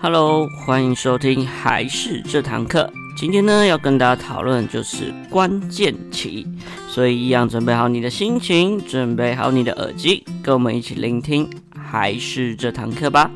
Hello，歡迎收聽，還是這堂課。今天呢，要跟大家討論就是關鍵期，所以一樣準備好你的心情，準備好你的耳機，跟我們一起聆聽，還是這堂課吧。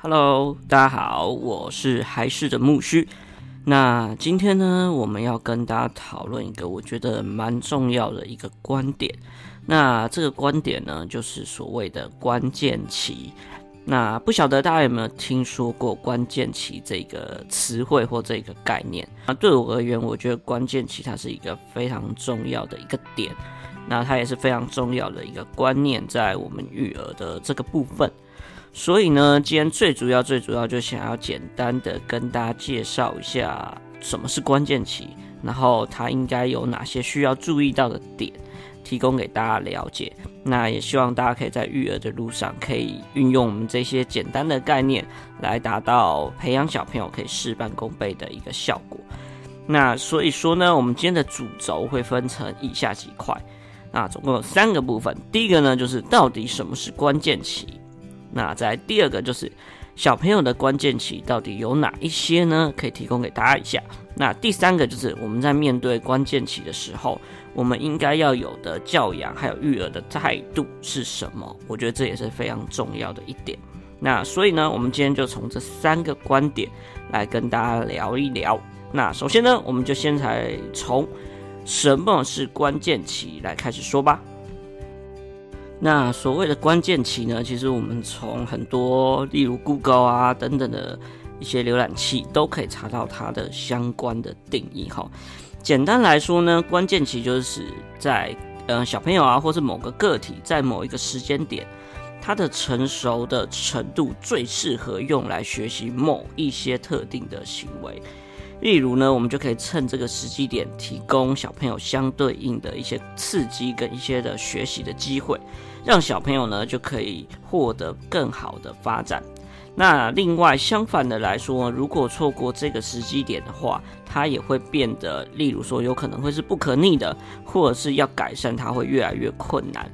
Hello，大家好，我是還是的木須。那今天呢，我們要跟大家討論一個我覺得蠻重要的一個觀點。那這個觀點呢，就是所謂的關鍵期。那不曉得大家有沒有聽說過“關鍵期”這個詞彙或這個概念？那對我而言，我覺得關鍵期它是一個非常重要的一個點。那它也是非常重要的一個觀念，在我們育兒的這個部分。所以呢，今天最主要最主要就想要簡單的跟大家介紹一下什麼是關鍵期，然後它應該有哪些需要注意到的點，提供給大家了解。那也希望大家可以在育兒的路上可以運用我們這些簡單的概念，來達到培養小朋友可以事半功倍的一個效果。那所以說呢，我們今天的主軸會分成以下幾塊，那總共有三個部分。第一個呢，就是到底什麼是關鍵期。那在第二個就是小朋友的關鍵期到底有哪一些呢？可以提供給大家一下。那第三個就是我們在面對關鍵期的時候，我們應該要有的教養還有育兒的態度是什麼？我覺得這也是非常重要的一點。那所以呢，我們今天就從這三個觀點來跟大家聊一聊。那首先呢，我們就先來從什麼是關鍵期來開始說吧。那所謂的關鍵期呢，其實我們從很多，例如 Google 啊等等的一些瀏覽器，都可以查到它的相關的定義哈。簡單來說呢，關鍵期就是指在，嗯、呃，小朋友啊，或是某個個體在某一個時間點，它的成熟的程度最適合用來學習某一些特定的行為。例如呢，我們就可以趁這個時機點，提供小朋友相對應的一些刺激跟一些的學習的機會，讓小朋友呢就可以獲得更好的發展。那另外相反的來說，如果錯過這個時機點的話，它也會變得，例如說有可能會是不可逆的，或者是要改善它會越來越困難。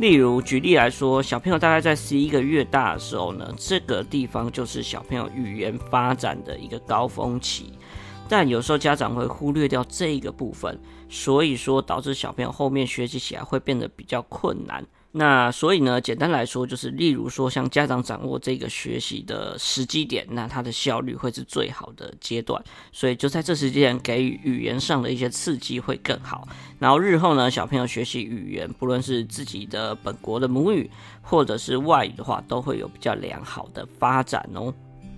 例如，舉例來說，小朋友大概在十一個月大的時候呢，這個地方就是小朋友語言發展的一個高峰期，但有時候家長會忽略掉這個部分，所以說導致小朋友後面學習起來會變得比較困難。那所以呢，簡單來說，就是例如說，像家長掌握這個學習的時機點，那它的效率會是最好的階段。所以就在這時間給予語言上的一些刺激會更好。然後日後呢，小朋友學習語言，不論是自己的本國的母語或者是外語的話，都會有比較良好的發展哦。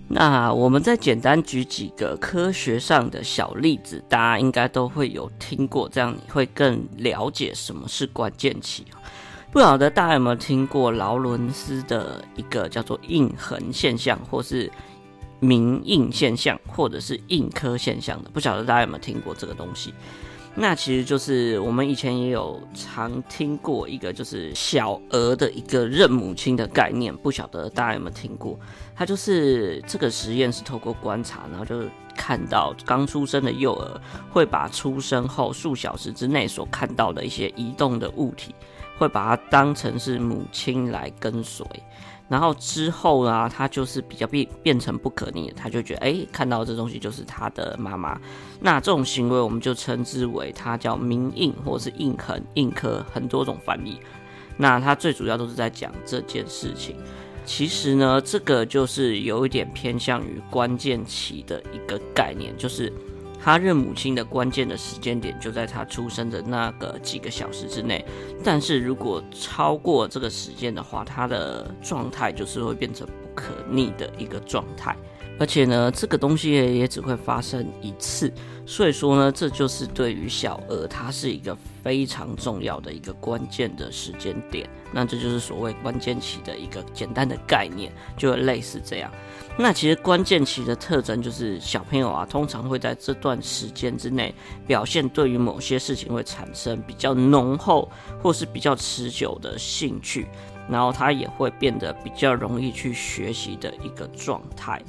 那我們再簡單舉幾個科學上的小例子，大家應該都會有聽過，這樣你會更了解什麼是關鍵期。不曉得大家有沒有聽過勞倫斯的一個叫做印痕現象，或是銘印現象，或者是印刻現象的？不曉得大家有沒有聽過這個東西？那其實就是我們以前也有常聽過一個，就是小鵝的一個認母親的概念。不曉得大家有沒有聽過？它，就是這個實驗是透過觀察，然後就是看到剛出生的幼鵝會把出生後數小時之內所看到的一些移動的物體。會把它當成是母親來跟隨，然後之後呢，他就是比較變變成不可逆，他就覺得哎，看到這東西就是他的媽媽。那這種行為我們就稱之為它叫銘印，或者是印痕、印刻，很多種翻譯。那它最主要都是在講這件事情。其實呢，這個就是有一點偏向於關鍵期的一個概念，就是。他認母親的關鍵的時間點就在他出生的那個幾個小時之內，但是如果超過這個時間的話，他的狀態就是會變成不可逆的一個狀態。而且呢，這個東西也只會發生一次，所以說呢，這就是對於小鵝，它是一個非常重要的一個關鍵的時間點。那這就是所謂關鍵期的一個簡單的概念，就類似這樣。那其實關鍵期的特徵就是小朋友啊，通常會在這段時間之內，表現對於某些事情會產生比較濃厚或是比較持久的興趣，然後他也會變得比較容易去學習的一個狀態。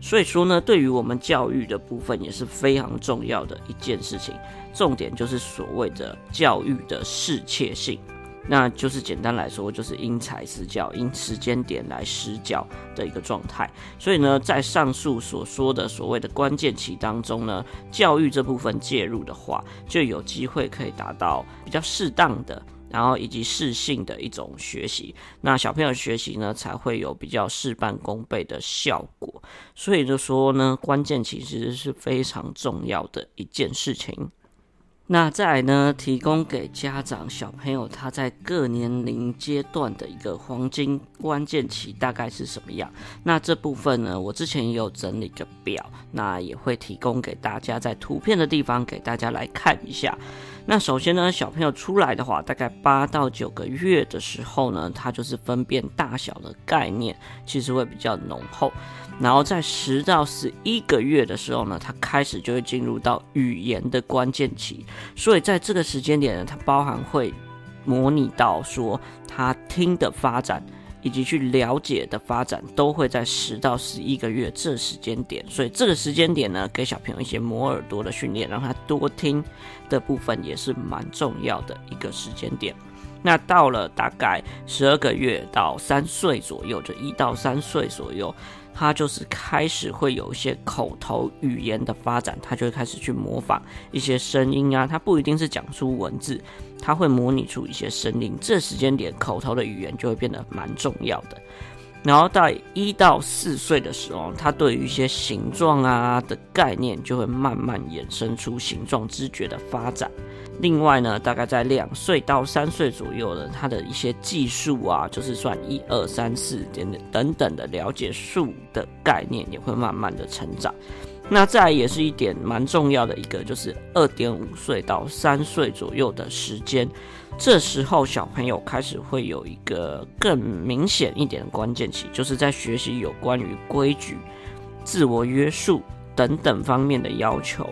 所以說呢，對於我們教育的部分也是非常重要的一件事情，重點就是所謂的教育的適切性，那就是簡單來說，就是因材施教，因時間點來施教的一個狀態。所以呢，在上述所說的所謂的關鍵期當中呢，教育這部分介入的話，就有機會可以達到比較適當的。然後以及適性的一種學習，那小朋友學習呢，才會有比較事半功倍的效果。所以就說呢，關鍵其實是非常重要的一件事情。那再來呢，提供給家長小朋友，他在各年齡階段的一個黃金關鍵期大概是什麼樣？那這部分呢，我之前也有整理個表，那也會提供給大家，在圖片的地方給大家來看一下。那首先呢，小朋友出來的話，大概八到九個月的時候呢，他就是分辨大小的概念，其實會比較濃厚。然後在十到十一個月的時候呢，他開始就會進入到語言的關鍵期。所以在這個時間點呢，它包含會模擬到說他聽的發展。以及去了解的發展都會在十到十一個月這個時間點，所以這個時間點呢，給小朋友一些磨耳朵的訓練，讓他多聽的部分也是蠻重要的一個時間點。那到了大概十二個月到三歲左右，就一到三歲左右，他就是開始會有一些口頭語言的發展，他就會開始去模仿一些聲音啊，他不一定是講出文字，他會模擬出一些聲音。這時間點，口頭的語言就會變得蠻重要的。然後在一到四歲的時候，他對於一些形狀啊的概念，就會慢慢衍生出形狀知覺的發展。另外呢，大概在兩歲到三歲左右呢，他的一些計數啊，就是算一二三四等等等等的了解數的概念，也會慢慢的成長。那再來也是一點蠻重要的一個，就是二點五歲到三歲左右的時間，這時候小朋友開始會有一個更明顯一點的關鍵期，就是在學習有關於規矩、自我約束等等方面的要求。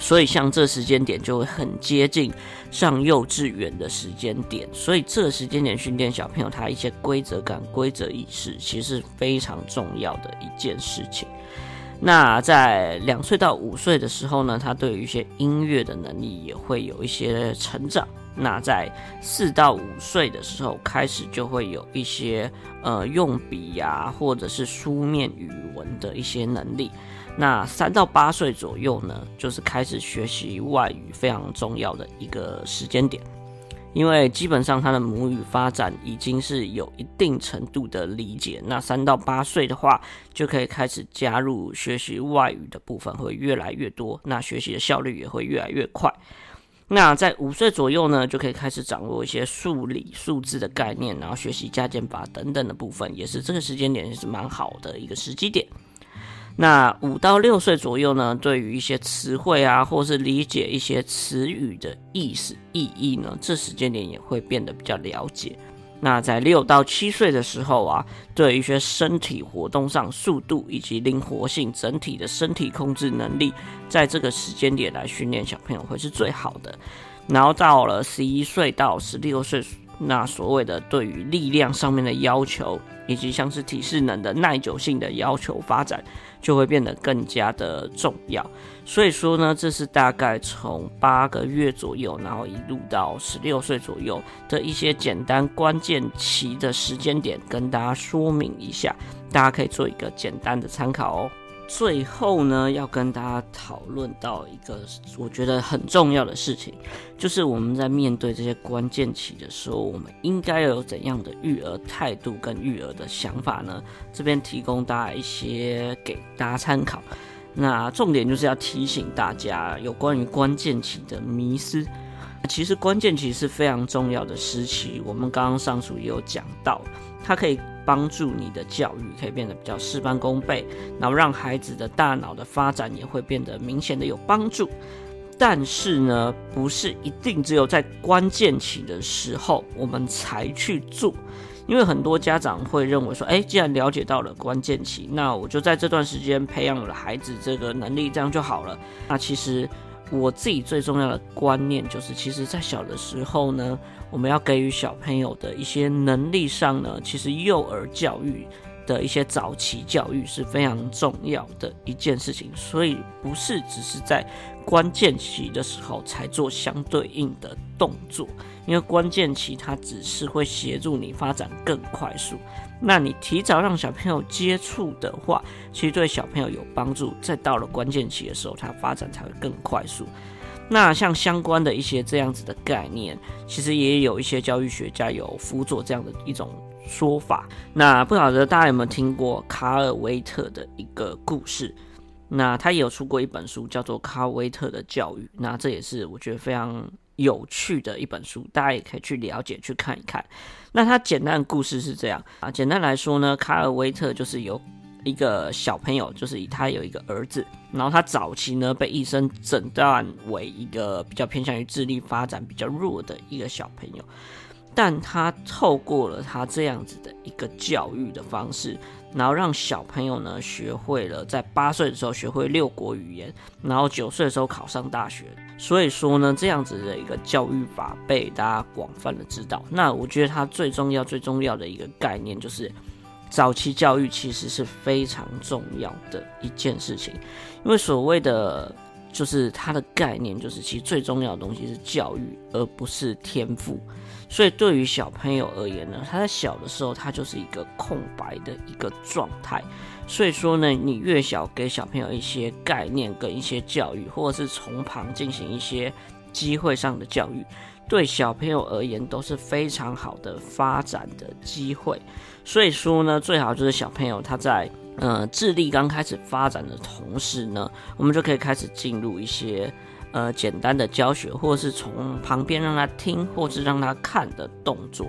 所以像這時間點就會很接近上幼稚園的時間點，所以這時間點訓練小朋友他一些規則感、規則意識，其實是非常重要的一件事情。那在兩歲到五歲的時候呢，他對於一些音樂的能力也會有一些成長。那在四到五歲的時候開始就會有一些呃用筆呀、啊，或者是書面語文的一些能力。那三到八歲左右呢，就是開始學習外語非常重要的一個時間點。因為基本上他的母語發展已經是有一定程度的理解，那三到八歲的話，就可以開始加入學習外語的部分，會越來越多，那學習的效率也會越來越快。那在五歲左右呢，就可以開始掌握一些數理數字的概念，然後學習加減法等等的部分，也是這個時間點也是蠻好的一個時機點。那五到六歲左右呢，對於一些詞彙啊，或是理解一些詞語的意思、意義呢，這時間點也會變得比較了解。那在六到七歲的時候啊，對於一些身體活動上速度以及靈活性、整體的身體控制能力，在這個時間點來訓練小朋友會是最好的。然後到了十一歲到十六歲，那所謂的對於力量上面的要求，以及像是體適能的耐久性的要求發展，就會變得更加的重要，所以說呢，這是大概從八個月左右，然後一路到十六歲左右的一些簡單關鍵期的時間點，跟大家說明一下，大家可以做一個簡單的參考哦。最後呢，要跟大家討論到一個我覺得很重要的事情，就是我們在面對這些關鍵期的時候，我們應該要有怎樣的育兒態度跟育兒的想法呢？這邊提供大家一些給大家參考。那重點就是要提醒大家有關於關鍵期的迷思。其實關鍵期是非常重要的時期，我們剛剛上述也有講到，它可以。幫助你的教育可以變得比較事半功倍，然後讓孩子的大腦的發展也會變得明顯的有幫助。但是呢，不是一定只有在關鍵期的時候我們才去做，因為很多家長會認為說，欸，既然了解到了關鍵期，那我就在這段時間培養我的孩子這個能力，這樣就好了。那其實。我自己最重要的觀念就是，其實，在小的時候呢，我們要給予小朋友的一些能力上呢，其實幼兒教育的一些早期教育是非常重要的一件事情，所以不是只是在。關鍵期的時候才做相對應的動作，因為關鍵期它只是會協助你發展更快速。那你提早讓小朋友接觸的話，其實對小朋友有幫助。在到了關鍵期的時候，它發展才會更快速。那像相關的一些這樣子的概念，其實也有一些教育學家有輔佐這樣的一種說法。那不曉得大家有沒有聽過卡爾威特的一個故事？那他也有出過一本書，叫做《卡爾威特的教育》，那這也是我覺得非常有趣的一本書，大家也可以去了解、去看一看。那他簡單的故事是這樣啊，簡單來說呢，卡爾威特就是有一個小朋友，就是以他有一個兒子，然後他早期呢被醫生診斷為一個比較偏向於智力發展比較弱的一個小朋友，但他透過了他這樣子的一個教育的方式。然後讓小朋友呢，學會了在八歲的時候學會六國語言，然後九歲的時候考上大學。所以說呢，這樣子的一個教育法被大家廣泛的知道。那我覺得它最重要、最重要的一個概念就是，早期教育其實是非常重要的一件事情，因為所謂的。就是他的概念，就是其實最重要的東西是教育，而不是天賦。所以對於小朋友而言呢，他在小的時候，他就是一個空白的一個狀態。所以說呢，你越小給小朋友一些概念跟一些教育，或者是從旁進行一些機會上的教育，對小朋友而言都是非常好的發展的機會。所以說呢，最好就是小朋友他在。呃，智力剛開始發展的同時呢，我們就可以開始進入一些呃簡單的教學，或是從旁邊讓他聽，或是讓他看的動作，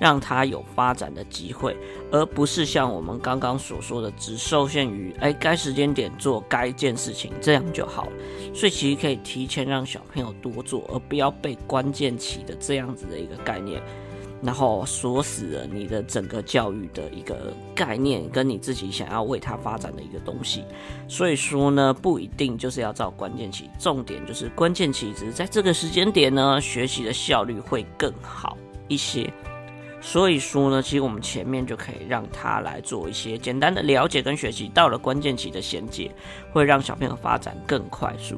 讓他有發展的機會，而不是像我們剛剛所說的，只受限於誒該時間點做該件事情這樣就好了。所以其實可以提前讓小朋友多做，而不要被關鍵期的這樣子的一個概念，然後鎖死了你的整個教育的一個概念，跟你自己想要為他發展的一個東西。所以說呢，不一定就是要找關鍵期，重點就是關鍵期只是在這個時間點呢，學習的效率會更好一些。所以說呢，其實我們前面就可以讓他來做一些簡單的了解跟學習，到了關鍵期的銜接，會讓小朋友發展更快速。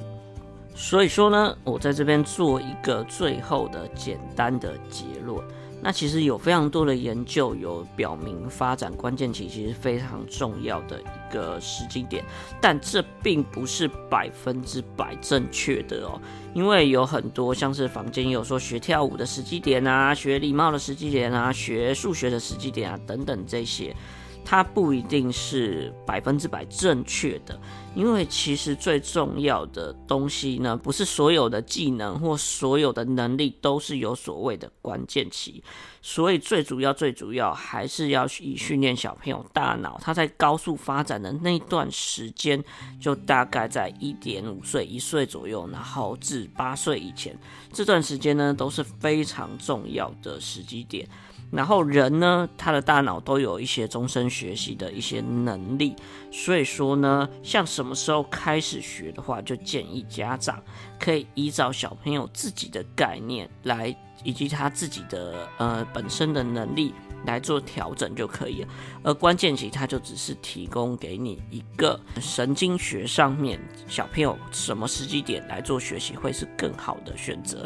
所以說呢，我在這邊做一個最後的簡單的結論。那其實有非常多的研究有表明，發展關鍵期其實非常重要的一個時機點，但這並不是百分之百正確的哦，因為有很多像是坊間有說學跳舞的時機點啊，學禮貌的時機點啊，學數學的時機點啊等等這些。它不一定是百分之百正確的，因為其實最重要的東西呢，不是所有的技能或所有的能力都是有所謂的關鍵期，所以最主要最主要還是要以訓練小朋友大腦，他在高速發展的那段時間，就大概在一點五歲、一歲左右，然後至八歲以前，這段時間呢都是非常重要的時機點。然後人呢，他的大腦都有一些終身學習的一些能力，所以說呢，像什麼時候開始學的話，就建議家長可以依照小朋友自己的概念來，以及他自己的呃、本身的能力來做調整就可以了。而關鍵期他就只是提供給你一個神經學上面小朋友什麼時機點來做學習會是更好的選擇。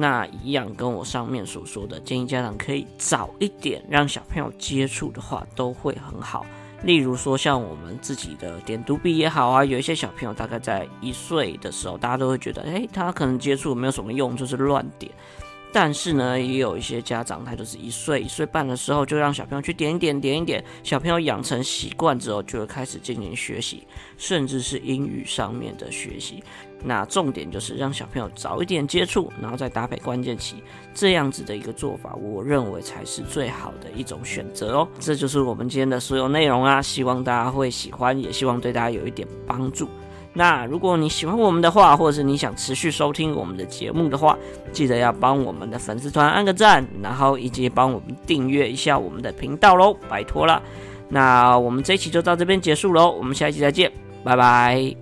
那一樣跟我上面所說的，建議家長可以早一點讓小朋友接觸的話，都會很好。例如說，像我們自己的點讀筆也好啊，有一些小朋友大概在一歲的時候，大家都會覺得，哎、欸，他可能接觸沒有什麼用，就是亂點。但是呢，也有一些家長，他就是一歲、一歲半的時候就讓小朋友去點一點、點一點，小朋友養成習慣之後，就會開始進行學習，甚至是英語上面的學習。那重點就是讓小朋友早一點接觸，然後再搭配關鍵期，這樣子的一個做法，我認為才是最好的一種選擇哦。這就是我們今天的所有內容啊，希望大家會喜歡，也希望對大家有一點幫助。那如果你喜歡我們的話，或者是你想持續收聽我們的節目的話，記得要幫我們的粉絲團按個讚，然後以及幫我們訂閱一下我們的頻道嘍，拜托了。那我們這一期就到這邊結束嘍，我們下一期再見，拜拜。